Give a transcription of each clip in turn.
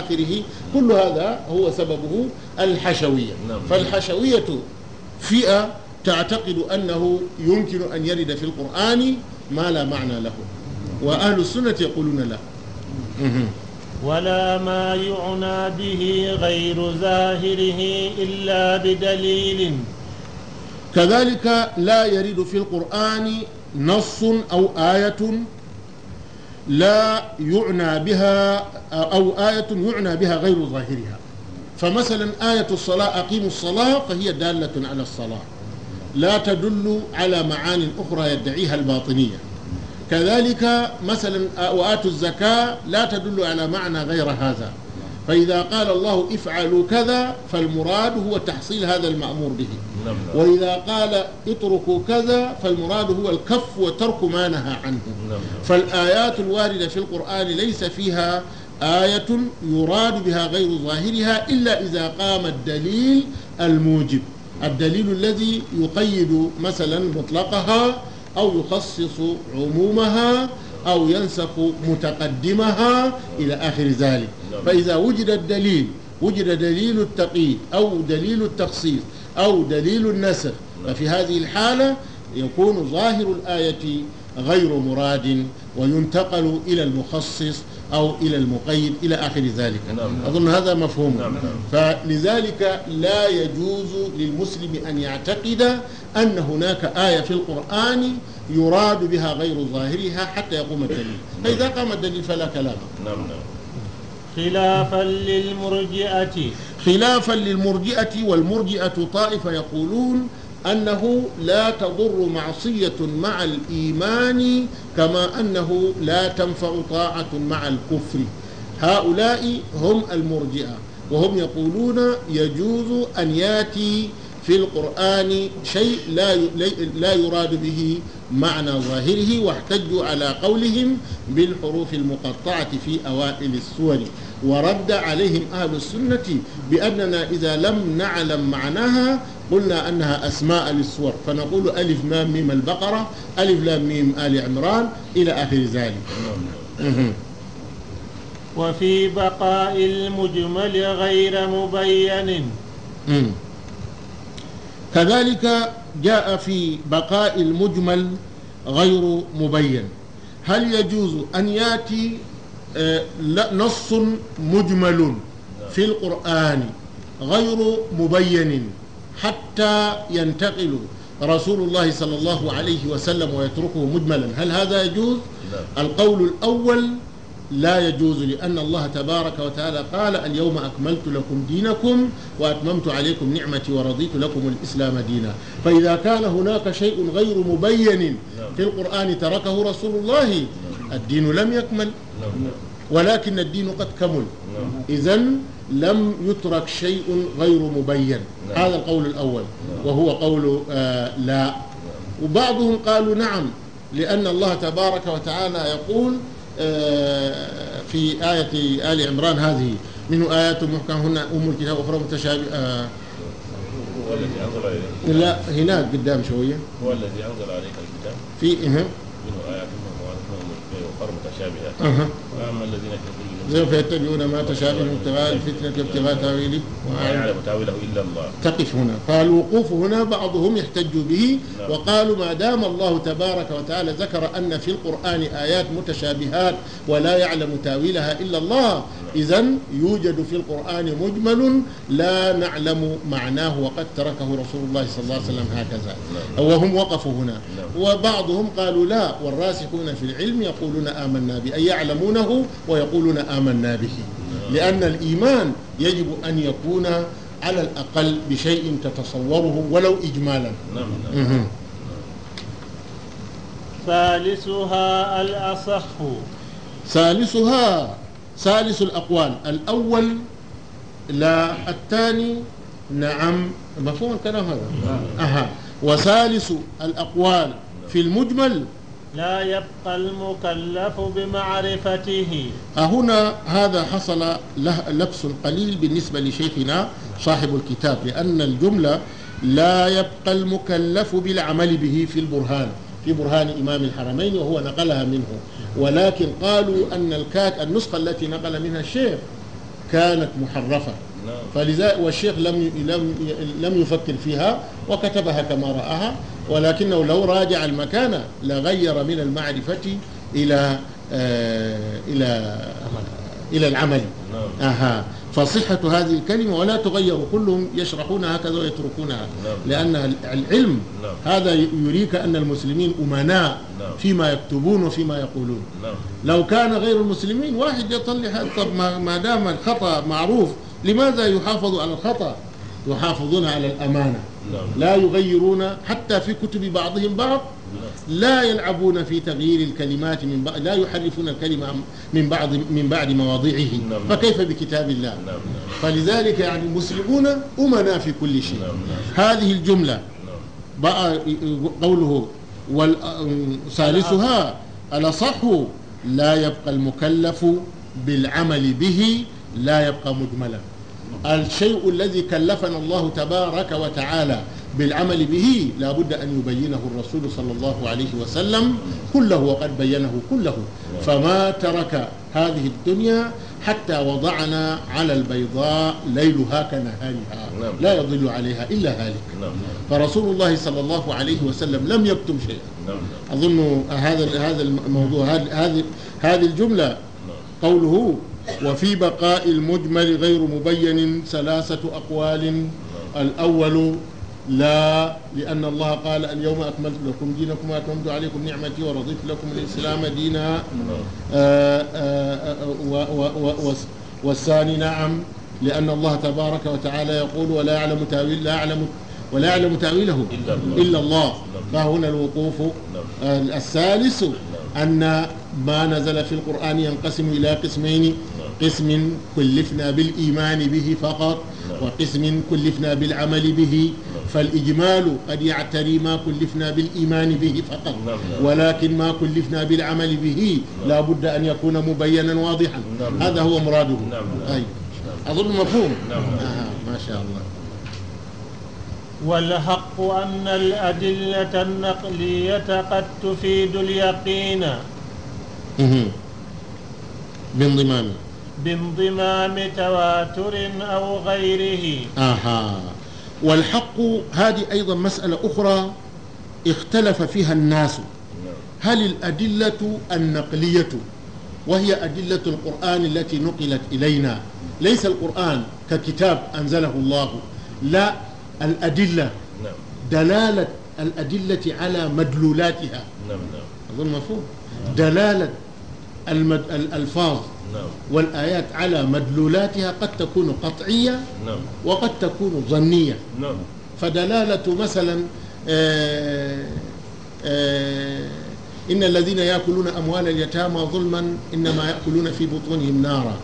آخره كل هذا هو سببه الحشوية نعم. فالحشوية فئة تعتقد أنه يمكن أن يرد في القرآن ما لا معنى له وأهل السنة يقولون لا ولا ما يعنى به غير ظاهره إلا بدليل كذلك لا يرد في القرآن نص أو آية لا يعنى بها أو آية يعنى بها غير ظاهرها فمثلا آية الصلاة أقيموا الصلاة فهي دالة على الصلاة لا تدل على معان أخرى يدعيها الباطنية كذلك مثلا وآتوا الزكاة لا تدل على معنى غير هذا فإذا قال الله افعلوا كذا فالمراد هو تحصيل هذا المأمور به نعم. وإذا قال اتركوا كذا فالمراد هو الكف وترك ما نهى عنه نعم. فالآيات الواردة في القرآن ليس فيها آية يراد بها غير ظاهرها إلا إذا قام الدليل الموجب الدليل الذي يقيد مثلا مطلقها أو يخصص عمومها أو ينسخ متقدمها إلى آخر ذلك نعم. فإذا وجد الدليل وجد دليل التقييد أو دليل التخصيص أو دليل النسخ نعم. ففي هذه الحالة يكون ظاهر الآية غير مراد وينتقل إلى المخصص أو إلى المقيد إلى آخر ذلك نعم. أظن هذا مفهوم نعم. فلذلك لا يجوز للمسلم أن يعتقد أن هناك آية في القرآن يراد بها غير ظاهرها حتى يقوم الدليل فإذا قام الدليل فلا كلام نعم نعم خلافا للمرجئة خلافا للمرجئة والمرجئة طائفة يقولون أنه لا تضر معصية مع الإيمان كما أنه لا تنفع طاعة مع الكفر هؤلاء هم المرجئة وهم يقولون يجوز أن يأتي في القرآن شيء لا لا يراد به معنى ظاهره واحتجوا على قولهم بالحروف المقطعة في أوائل السور ورد عليهم أهل السنة بأننا إذا لم نعلم معناها قلنا أنها أسماء للسور فنقول ألف لام ميم البقرة ألف لام ميم آل عمران إلى آخر ذلك وفي بقاء المجمل غير مبين كذلك جاء في بقاء المجمل غير مبين هل يجوز أن يأتي آه، نص مجمل في القرآن غير مبين حتى ينتقل رسول الله صلى الله عليه وسلم ويتركه مجملا هل هذا يجوز لا. القول الأول لا يجوز لأن الله تبارك وتعالى قال اليوم أكملت لكم دينكم وأتممت عليكم نعمتي ورضيت لكم الإسلام دينا فإذا كان هناك شيء غير مبين في القرآن تركه رسول الله الدين لم يكمل ولكن الدين قد كمل إذا لم يترك شيء غير مبين هذا القول الأول وهو قول آه، لا وبعضهم قالوا نعم لأن الله تبارك وتعالى يقول آه، في آية آل عمران هذه منه آيات محكمة هنا أم الكتاب أخرى متشابهة آه هو الذي أنزل عليك لا هناك قدام شوية هو الذي أنزل عليك الكتاب في الكفار متشابهة وأما الذين كفروا فيتبعون ما تشابه ابتغاء الفتنة ابتغاء تاويله وما يعلم تاويله إلا الله تقف هنا فالوقوف هنا بعضهم يحتج به نعم. وقالوا ما دام الله تبارك وتعالى ذكر أن في القرآن آيات متشابهات ولا يعلم تاويلها إلا الله نعم. إذا يوجد في القرآن مجمل لا نعلم معناه وقد تركه رسول الله صلى الله عليه وسلم هكذا نعم. وهم وقفوا هنا وبعضهم قالوا لا والراسخون في العلم يقولون آمنا به أي يعلمونه ويقولون آمنا به لأن الإيمان يجب أن يكون على الأقل بشيء تتصوره ولو إجمالا نعم ثالثها الأصح ثالثها ثالث الأقوال الأول لا الثاني نعم مفهوم الكلام هذا نعم. أها وثالث الأقوال في المجمل لا يبقى المكلف بمعرفته هنا هذا حصل لبس قليل بالنسبة لشيخنا صاحب الكتاب لأن الجملة لا يبقى المكلف بالعمل به في البرهان في برهان إمام الحرمين وهو نقلها منه ولكن قالوا أن الكات النسخة التي نقل منها الشيخ كانت محرفة نعم. فلذا والشيخ لم لم لم يفكر فيها وكتبها كما رآها ولكنه لو راجع المكان لغير من المعرفة إلى آه، إلى إلى العمل نعم. أها فصحة هذه الكلمة ولا تغير كلهم يشرحونها هكذا ويتركونها نعم. لأن العلم نعم. هذا يريك أن المسلمين أمناء فيما يكتبون وفيما يقولون لو كان غير المسلمين واحد يطلع طب ما دام الخطأ معروف لماذا يحافظ على الخطأ يحافظون على الأمانة لا يغيرون حتى في كتب بعضهم بعض لا يلعبون في تغيير الكلمات من لا يحرفون الكلمة من بعض من بعد مواضعه فكيف بكتاب الله فلذلك يعني المسلمون أمنا في كل شيء هذه الجملة بقى قوله ثالثها الأصح لا يبقى المكلف بالعمل به لا يبقى مجملا الشيء الذي كلفنا الله تبارك وتعالى بالعمل به لا بد أن يبينه الرسول صلى الله عليه وسلم كله وقد بينه كله فما ترك هذه الدنيا حتى وضعنا على البيضاء ليلها كنهارها نعم. لا يضل عليها إلا هالك نعم. فرسول الله صلى الله عليه وسلم لم يكتم شيئا نعم. أظن هذا هذا الموضوع هذه هذه الجملة قوله وفي بقاء المجمل غير مبين ثلاثة أقوال الأول لا لأن الله قال اليوم أكملت لكم دينكم وأتممت عليكم نعمتي ورضيت لكم الإسلام دينا آه، آه، آه، والثاني نعم لأن الله تبارك وتعالى يقول ولا يعلم تاويل لا يعلم ولا يعلم تاويله إلا الله فهنا الوقوف الثالث أن ما نزل في القرآن ينقسم إلى قسمين قسم كلفنا بالإيمان به فقط وقسم كلفنا بالعمل به فالإجمال قد يعتري ما كلفنا بالإيمان به فقط ولكن ما كلفنا بالعمل به لا بد أن يكون مبينا واضحا هذا هو مراده أي. طيب. أظن مفهوم آه ما شاء الله والحق أن الأدلة النقلية قد تفيد اليقين بانضمام بانضمام تواتر أو غيره آها والحق هذه أيضا مسألة أخرى اختلف فيها الناس هل الأدلة النقلية وهي أدلة القرآن التي نقلت إلينا ليس القرآن ككتاب أنزله الله لا الأدلة نعم. دلالة الأدلة على مدلولاتها نعم، نعم. أظن مفهوم دلالة المد... الألفاظ نعم. والآيات على مدلولاتها قد تكون قطعية نعم. وقد تكون ظنية نعم. فدلالة مثلا آآ آه، آآ آه، إن الذين يأكلون أموال اليتامى ظلما إنما يأكلون في بطونهم نارا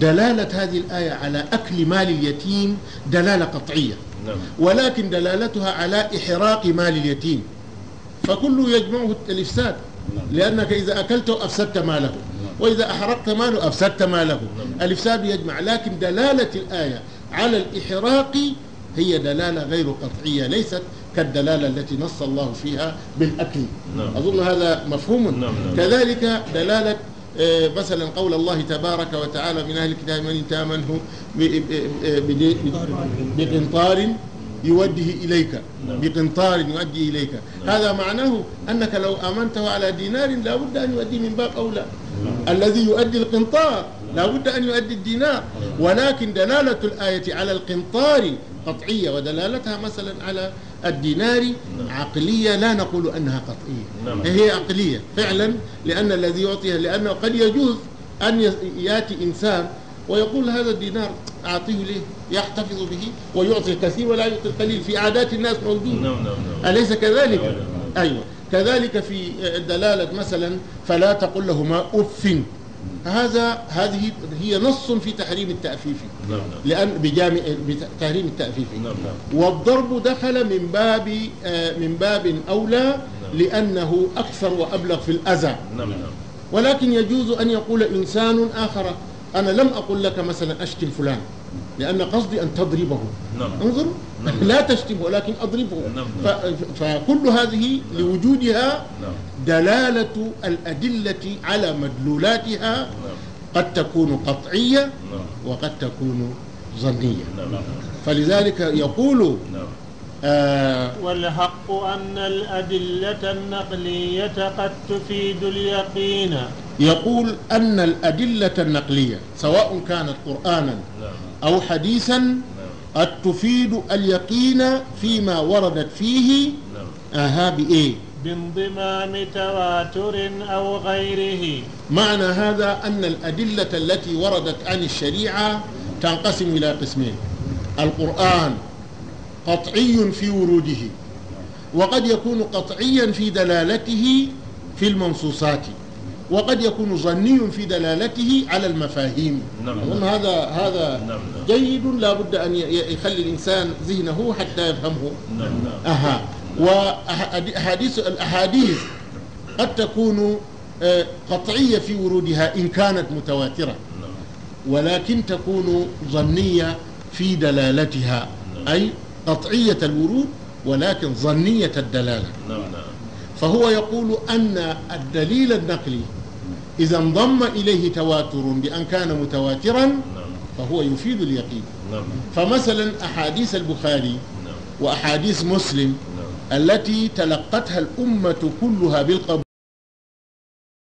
دلالة هذه الآية على أكل مال اليتيم دلالة قطعية ولكن دلالتها على إحراق مال اليتيم فكله يجمعه الإفساد لأنك إذا أكلته أفسدت ماله وإذا أحرقت ماله أفسدت ماله الإفساد يجمع لكن دلالة الآية على الإحراق هي دلالة غير قطعية ليست كالدلالة التي نص الله فيها بالأكل نعم. أظن هذا مفهوم نعم، نعم، كذلك دلالة آه، مثلا قول الله تبارك وتعالى من أهل الكتاب من تامنه بقنطار يوده إليك نعم. بقنطار يؤدي إليك نعم. هذا معناه أنك لو أمنته على دينار لا بد أن يؤدي من باب أولى نعم. الذي يؤدي القنطار لا بد أن يؤدي الدينار ولكن دلالة الآية على القنطار قطعية ودلالتها مثلا على الدينار عقلية لا نقول أنها قطعية هي عقلية فعلا لأن الذي يعطيها لأنه قد يجوز أن يأتي إنسان ويقول هذا الدينار أعطيه ليه يحتفظ به ويعطي الكثير ولا يعطي القليل في عادات الناس موجود نعم، نعم، نعم. أليس كذلك أيوة كذلك في دلالة مثلا فلا تقل لهما أف هذا هذه هي نص في تحريم التأفيف لأن بجامع تحريم التأفيف والضرب دخل من باب آه، من باب أولى لأنه أكثر وأبلغ في الأذى ولكن يجوز أن يقول إنسان آخر أنا لم أقل لك مثلا أشتم فلان لأن قصدي أن تضربه نعم. انظروا نعم. لا تشتمه ولكن أضربه نعم. ف... فكل هذه نعم. لوجودها نعم. دلالة الأدلة على مدلولاتها نعم. قد تكون قطعية نعم. وقد تكون ظنية نعم. نعم. فلذلك يقول نعم. آه والحق أن الأدلة النقلية قد تفيد اليقين يقول أن الأدلة النقلية سواء كانت قرآنا أو حديثا قد تفيد اليقين فيما وردت فيه أها بإيه بانضمام تواتر أو غيره معنى هذا أن الأدلة التي وردت عن الشريعة تنقسم إلى قسمين القرآن قطعي في وروده وقد يكون قطعيا في دلالته في المنصوصات وقد يكون ظني في دلالته على المفاهيم نعم نعم هذا هذا نعم نعم جيد لا بد أن يخلي الإنسان ذهنه حتى يفهمه نعم نعم أها وأحاديث الأحاديث قد تكون آه، قطعية في ورودها إن كانت متواترة نعم. ولكن تكون ظنية في دلالتها نعم. أي قطعية الورود ولكن ظنية الدلالة نعم نعم فهو يقول أن الدليل النقلي إذا انضم إليه تواتر بأن كان متواترا فهو يفيد اليقين نعم. فمثلا أحاديث البخاري نعم. وأحاديث مسلم التي تلقتها الأمة كلها بالقبول